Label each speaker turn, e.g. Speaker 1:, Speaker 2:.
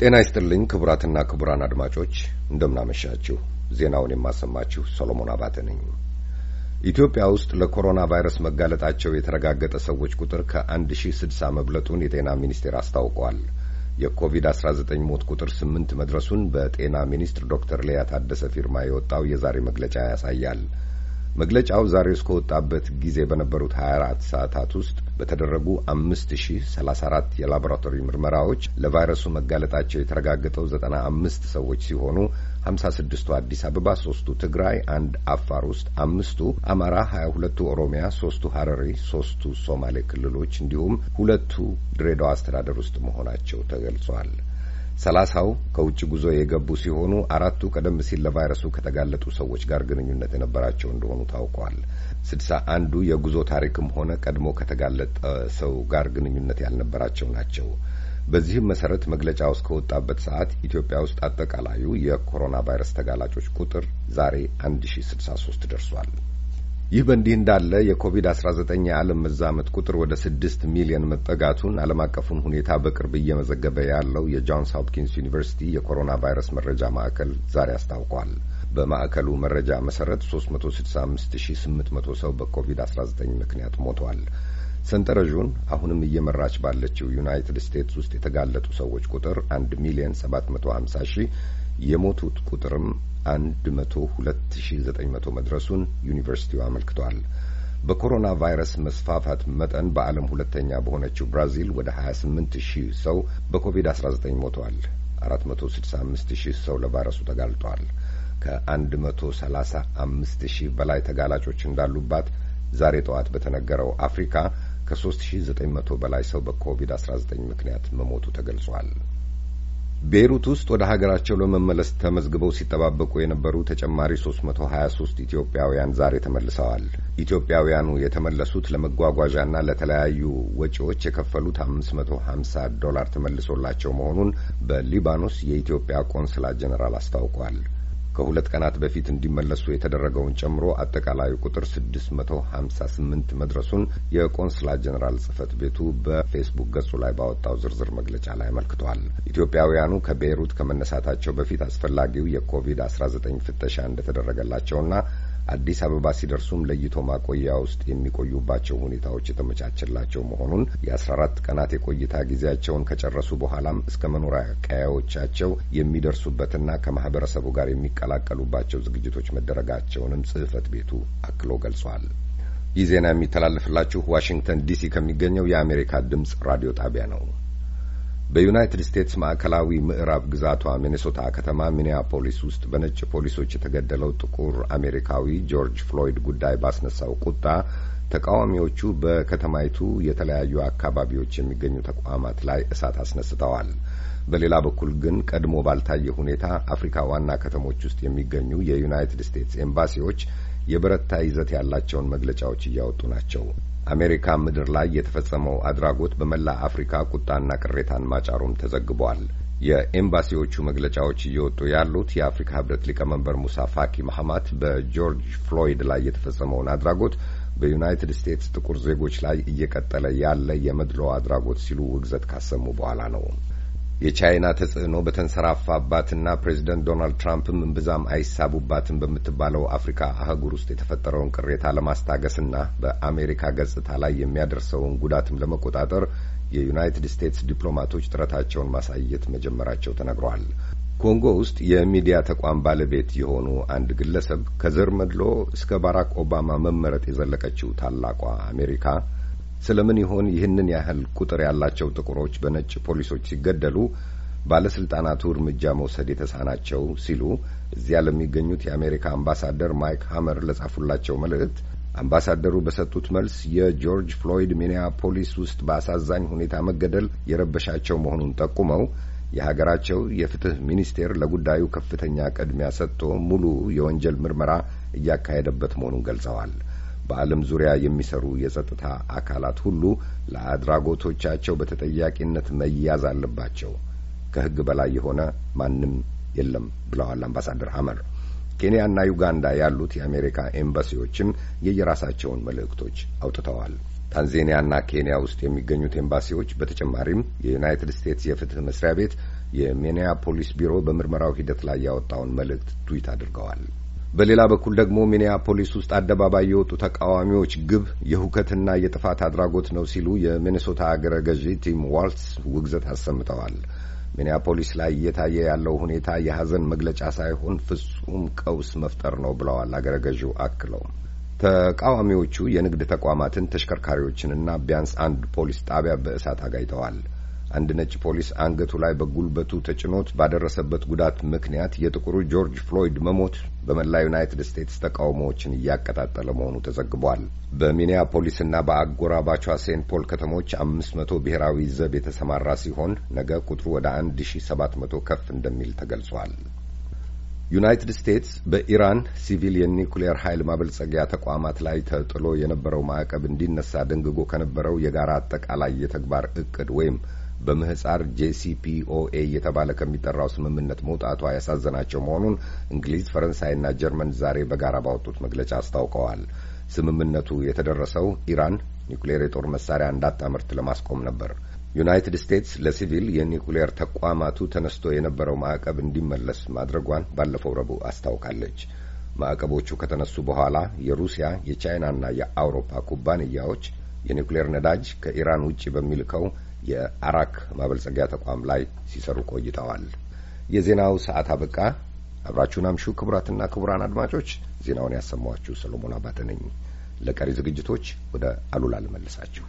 Speaker 1: ጤና ይስጥልኝ ክቡራትና ክቡራን አድማጮች እንደምናመሻችሁ። ዜናውን የማሰማችሁ ሰሎሞን አባተ ነኝ። ኢትዮጵያ ውስጥ ለኮሮና ቫይረስ መጋለጣቸው የተረጋገጠ ሰዎች ቁጥር ከ1060 መብለጡን የጤና ሚኒስቴር አስታውቋል። የኮቪድ-19 ሞት ቁጥር ስምንት መድረሱን በጤና ሚኒስትር ዶክተር ሊያ ታደሰ ፊርማ የወጣው የዛሬ መግለጫ ያሳያል። መግለጫው ዛሬ እስከወጣበት ጊዜ በነበሩት 24 ሰዓታት ውስጥ በተደረጉ 5034 የላቦራቶሪ ምርመራዎች ለቫይረሱ መጋለጣቸው የተረጋገጠው 95 ሰዎች ሲሆኑ 56ቱ አዲስ አበባ፣ 3ቱ ትግራይ፣ አንድ አፋር ውስጥ፣ አምስቱ አማራ፣ 22ቱ ኦሮሚያ፣ ሶስቱ ሀረሪ፣ ሶስቱ ሶማሌ ክልሎች እንዲሁም ሁለቱ ድሬዳዋ አስተዳደር ውስጥ መሆናቸው ተገልጿል። ሰላሳው ከውጭ ጉዞ የገቡ ሲሆኑ አራቱ ቀደም ሲል ለቫይረሱ ከተጋለጡ ሰዎች ጋር ግንኙነት የነበራቸው እንደሆኑ ታውቋል። ስድሳ አንዱ የጉዞ ታሪክም ሆነ ቀድሞ ከተጋለጠ ሰው ጋር ግንኙነት ያልነበራቸው ናቸው። በዚህም መሰረት መግለጫው እስከወጣበት ሰዓት ኢትዮጵያ ውስጥ አጠቃላዩ የኮሮና ቫይረስ ተጋላጮች ቁጥር ዛሬ አንድ ሺ ስድሳ ሶስት ደርሷል። ይህ በእንዲህ እንዳለ የኮቪድ-19 የዓለም መዛመት ቁጥር ወደ ስድስት ሚሊዮን መጠጋቱን ዓለም አቀፉን ሁኔታ በቅርብ እየመዘገበ ያለው የጆንስ ሆፕኪንስ ዩኒቨርሲቲ የኮሮና ቫይረስ መረጃ ማዕከል ዛሬ አስታውቋል። በማዕከሉ መረጃ መሰረት 365800 ሰው በኮቪድ-19 ምክንያት ሞቷል። ሰንጠረዡን አሁንም እየመራች ባለችው ዩናይትድ ስቴትስ ውስጥ የተጋለጡ ሰዎች ቁጥር 1 ሚሊዮን 750 ሺህ የሞቱት ቁጥርም አንድ መቶ ሺ መቶ መድረሱን ዩኒቨርሲቲው አመልክቷል። በኮሮና ቫይረስ መስፋፋት መጠን በዓለም ሁለተኛ በሆነችው ብራዚል ወደ 28 ሺህ ሰው በኮቪድ-19 ሞተዋል። 465000 ሰው ለቫይረሱ ተጋልጧል። ከ135000 ሺህ በላይ ተጋላጮች እንዳሉባት ዛሬ ጠዋት በተነገረው አፍሪካ ከ3900 በላይ ሰው በኮቪድ-19 ምክንያት መሞቱ ተገልጿል። ቤይሩት ውስጥ ወደ ሀገራቸው ለመመለስ ተመዝግበው ሲጠባበቁ የነበሩ ተጨማሪ 323 ኢትዮጵያውያን ዛሬ ተመልሰዋል። ኢትዮጵያውያኑ የተመለሱት ለመጓጓዣና ለተለያዩ ወጪዎች የከፈሉት 550 ዶላር ተመልሶላቸው መሆኑን በሊባኖስ የኢትዮጵያ ቆንስላ ጀኔራል አስታውቋል። ከሁለት ቀናት በፊት እንዲመለሱ የተደረገውን ጨምሮ አጠቃላዩ ቁጥር 658 መድረሱን የቆንስላ ጀኔራል ጽህፈት ቤቱ በፌስቡክ ገጹ ላይ ባወጣው ዝርዝር መግለጫ ላይ አመልክቷል። ኢትዮጵያውያኑ ከቤይሩት ከመነሳታቸው በፊት አስፈላጊው የኮቪድ-19 ፍተሻ እንደተደረገላቸውና አዲስ አበባ ሲደርሱም ለይቶ ማቆያ ውስጥ የሚቆዩባቸው ሁኔታዎች የተመቻቸላቸው መሆኑን የ14 ቀናት የቆይታ ጊዜያቸውን ከጨረሱ በኋላም እስከ መኖሪያ ቀያዮቻቸው የሚደርሱበትና ከማህበረሰቡ ጋር የሚቀላቀሉባቸው ዝግጅቶች መደረጋቸውንም ጽህፈት ቤቱ አክሎ ገልጿል። ይህ ዜና የሚተላለፍላችሁ ዋሽንግተን ዲሲ ከሚገኘው የአሜሪካ ድምፅ ራዲዮ ጣቢያ ነው። በዩናይትድ ስቴትስ ማዕከላዊ ምዕራብ ግዛቷ ሚኔሶታ ከተማ ሚኒያፖሊስ ውስጥ በነጭ ፖሊሶች የተገደለው ጥቁር አሜሪካዊ ጆርጅ ፍሎይድ ጉዳይ ባስነሳው ቁጣ ተቃዋሚዎቹ በከተማይቱ የተለያዩ አካባቢዎች የሚገኙ ተቋማት ላይ እሳት አስነስተዋል። በሌላ በኩል ግን ቀድሞ ባልታየ ሁኔታ አፍሪካ ዋና ከተሞች ውስጥ የሚገኙ የዩናይትድ ስቴትስ ኤምባሲዎች የበረታ ይዘት ያላቸውን መግለጫዎች እያወጡ ናቸው። አሜሪካ ምድር ላይ የተፈጸመው አድራጎት በመላ አፍሪካ ቁጣና ቅሬታን ማጫሩም ተዘግቧል። የኤምባሲዎቹ መግለጫዎች እየወጡ ያሉት የአፍሪካ ህብረት ሊቀመንበር ሙሳ ፋኪ መሐማት በጆርጅ ፍሎይድ ላይ የተፈጸመውን አድራጎት በዩናይትድ ስቴትስ ጥቁር ዜጎች ላይ እየቀጠለ ያለ የመድሎ አድራጎት ሲሉ ውግዘት ካሰሙ በኋላ ነው። የቻይና ተጽዕኖ በተንሰራፋባትና ፕሬዚደንት ዶናልድ ትራምፕም እምብዛም አይሳቡባትም በምትባለው አፍሪካ አህጉር ውስጥ የተፈጠረውን ቅሬታ ለማስታገስና በአሜሪካ ገጽታ ላይ የሚያደርሰውን ጉዳትም ለመቆጣጠር የዩናይትድ ስቴትስ ዲፕሎማቶች ጥረታቸውን ማሳየት መጀመራቸው ተነግሯል። ኮንጎ ውስጥ የሚዲያ ተቋም ባለቤት የሆኑ አንድ ግለሰብ ከዘር መድሎ እስከ ባራክ ኦባማ መመረጥ የዘለቀችው ታላቋ አሜሪካ ስለምን ይሆን ይህንን ያህል ቁጥር ያላቸው ጥቁሮች በነጭ ፖሊሶች ሲገደሉ ባለስልጣናቱ እርምጃ መውሰድ የተሳናቸው ሲሉ እዚያ ለሚገኙት የአሜሪካ አምባሳደር ማይክ ሀመር ለጻፉላቸው መልእክት አምባሳደሩ በሰጡት መልስ የጆርጅ ፍሎይድ ሚኒያፖሊስ ውስጥ በአሳዛኝ ሁኔታ መገደል የረበሻቸው መሆኑን ጠቁመው የሀገራቸው የፍትህ ሚኒስቴር ለጉዳዩ ከፍተኛ ቅድሚያ ሰጥቶ ሙሉ የወንጀል ምርመራ እያካሄደበት መሆኑን ገልጸዋል። በዓለም ዙሪያ የሚሰሩ የጸጥታ አካላት ሁሉ ለአድራጎቶቻቸው በተጠያቂነት መያዝ አለባቸው፣ ከሕግ በላይ የሆነ ማንም የለም ብለዋል አምባሳደር ሀመር። ኬንያና ዩጋንዳ ያሉት የአሜሪካ ኤምባሲዎችም የየራሳቸውን መልእክቶች አውጥተዋል። ታንዜኒያና ኬንያ ውስጥ የሚገኙት ኤምባሲዎች በተጨማሪም የዩናይትድ ስቴትስ የፍትህ መስሪያ ቤት የሚኒያፖሊስ ቢሮ በምርመራው ሂደት ላይ ያወጣውን መልእክት ትዊት አድርገዋል። በሌላ በኩል ደግሞ ሚኒያፖሊስ ውስጥ አደባባይ የወጡ ተቃዋሚዎች ግብ የሁከትና የጥፋት አድራጎት ነው ሲሉ የሚኒሶታ አገረ ገዢ ቲም ዋልትስ ውግዘት አሰምተዋል። ሚኒያፖሊስ ላይ እየታየ ያለው ሁኔታ የሀዘን መግለጫ ሳይሆን ፍጹም ቀውስ መፍጠር ነው ብለዋል አገረ ገዢው አክለው። ተቃዋሚዎቹ የንግድ ተቋማትን፣ ተሽከርካሪዎችንና ቢያንስ አንድ ፖሊስ ጣቢያ በእሳት አጋይተዋል። አንድ ነጭ ፖሊስ አንገቱ ላይ በጉልበቱ ተጭኖት ባደረሰበት ጉዳት ምክንያት የጥቁሩ ጆርጅ ፍሎይድ መሞት በመላ ዩናይትድ ስቴትስ ተቃውሞዎችን እያቀጣጠለ መሆኑ ተዘግቧል። በሚኒያፖሊስና በአጎራባቿ ሴንት ፖል ከተሞች አምስት መቶ ብሔራዊ ዘብ የተሰማራ ሲሆን ነገ ቁጥሩ ወደ አንድ ሺ ሰባት መቶ ከፍ እንደሚል ተገልጿል። ዩናይትድ ስቴትስ በኢራን ሲቪል የኒኩሊየር ኃይል ማበልጸጊያ ተቋማት ላይ ተጥሎ የነበረው ማዕቀብ እንዲነሳ ደንግጎ ከነበረው የጋራ አጠቃላይ የተግባር እቅድ ወይም በምህጻር ጄሲፒኦኤ እየተባለ ከሚጠራው ስምምነት መውጣቷ ያሳዘናቸው መሆኑን እንግሊዝ፣ ፈረንሳይና ጀርመን ዛሬ በጋራ ባወጡት መግለጫ አስታውቀዋል። ስምምነቱ የተደረሰው ኢራን ኒውክሌር የጦር መሳሪያ እንዳታመርት ለማስቆም ነበር። ዩናይትድ ስቴትስ ለሲቪል የኒውክሌር ተቋማቱ ተነስቶ የነበረው ማዕቀብ እንዲመለስ ማድረጓን ባለፈው ረቡዕ አስታውቃለች። ማዕቀቦቹ ከተነሱ በኋላ የሩሲያ የቻይናና የአውሮፓ ኩባንያዎች የኒውክሌር ነዳጅ ከኢራን ውጭ በሚልከው የአራክ ማበልጸጊያ ተቋም ላይ ሲሰሩ ቆይተዋል። የዜናው ሰዓት አበቃ። አብራችሁን አምሹ። ክቡራትና ክቡራን አድማጮች ዜናውን ያሰማኋችሁ ሰሎሞን አባተ ነኝ። ለቀሪ ዝግጅቶች ወደ አሉላ ልመልሳችሁ።